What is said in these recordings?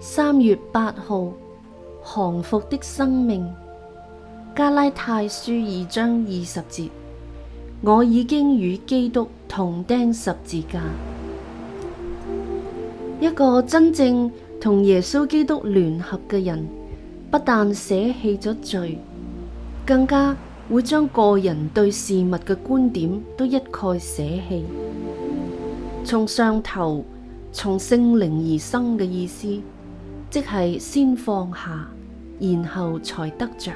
三月八號，《降服的生命》，加拉太書二章二十節：我已經與基督同釘十字架。一個真正同耶穌基督聯合嘅人，不但捨棄咗罪，更加會將個人對事物嘅觀點都一概捨棄。從上頭。從聖靈而生嘅意思，即係先放下，然後才得着。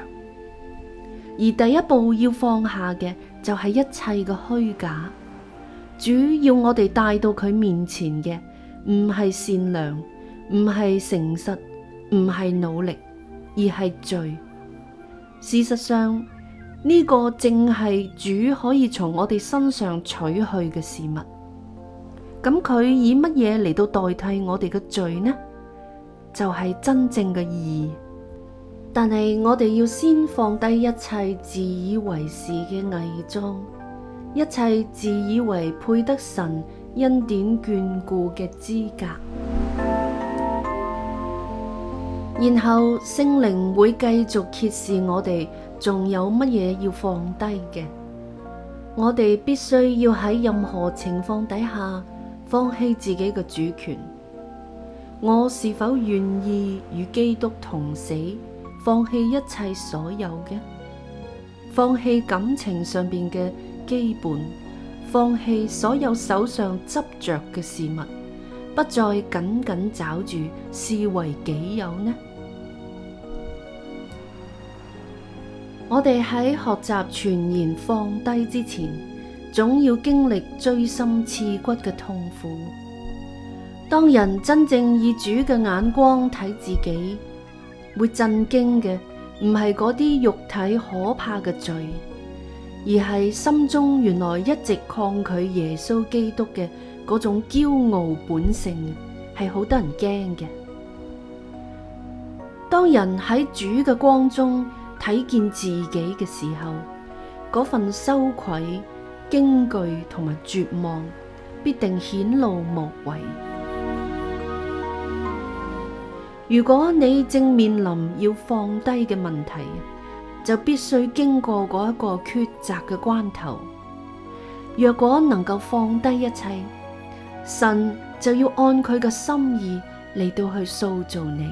而第一步要放下嘅，就係、是、一切嘅虛假。主要我哋帶到佢面前嘅，唔係善良，唔係誠實，唔係努力，而係罪。事實上，呢、這個正係主可以從我哋身上取去嘅事物。咁佢以乜嘢嚟到代替我哋嘅罪呢？就係真正嘅義。但係我哋要先放低一切自以為是嘅偽裝，一切自以為配得神恩典眷顧嘅資格。然後聖靈會繼續揭示我哋仲有乜嘢要放低嘅。我哋必須要喺任何情況底下。放棄自己嘅主權，我是否願意與基督同死，放棄一切所有嘅，放棄感情上面嘅羈絆，放棄所有手上執着嘅事物，不再緊緊抓住，視為己有呢？我哋喺學習全然放低之前，總要經歷錐心刺骨嘅痛苦。當人真正以主嘅眼光睇自己，會震驚嘅唔係嗰啲肉體可怕嘅罪，而係心中原來一直抗拒耶穌基督嘅嗰種驕傲本性，係好得人驚嘅。當人喺主嘅光中睇見自己嘅時候，嗰份羞愧。驚懼同埋絕望必定顯露無遺。如果你正面臨要放低嘅問題，就必須經過嗰一個抉擇嘅關頭。若果能夠放低一切，神就要按佢嘅心意嚟到去塑造你。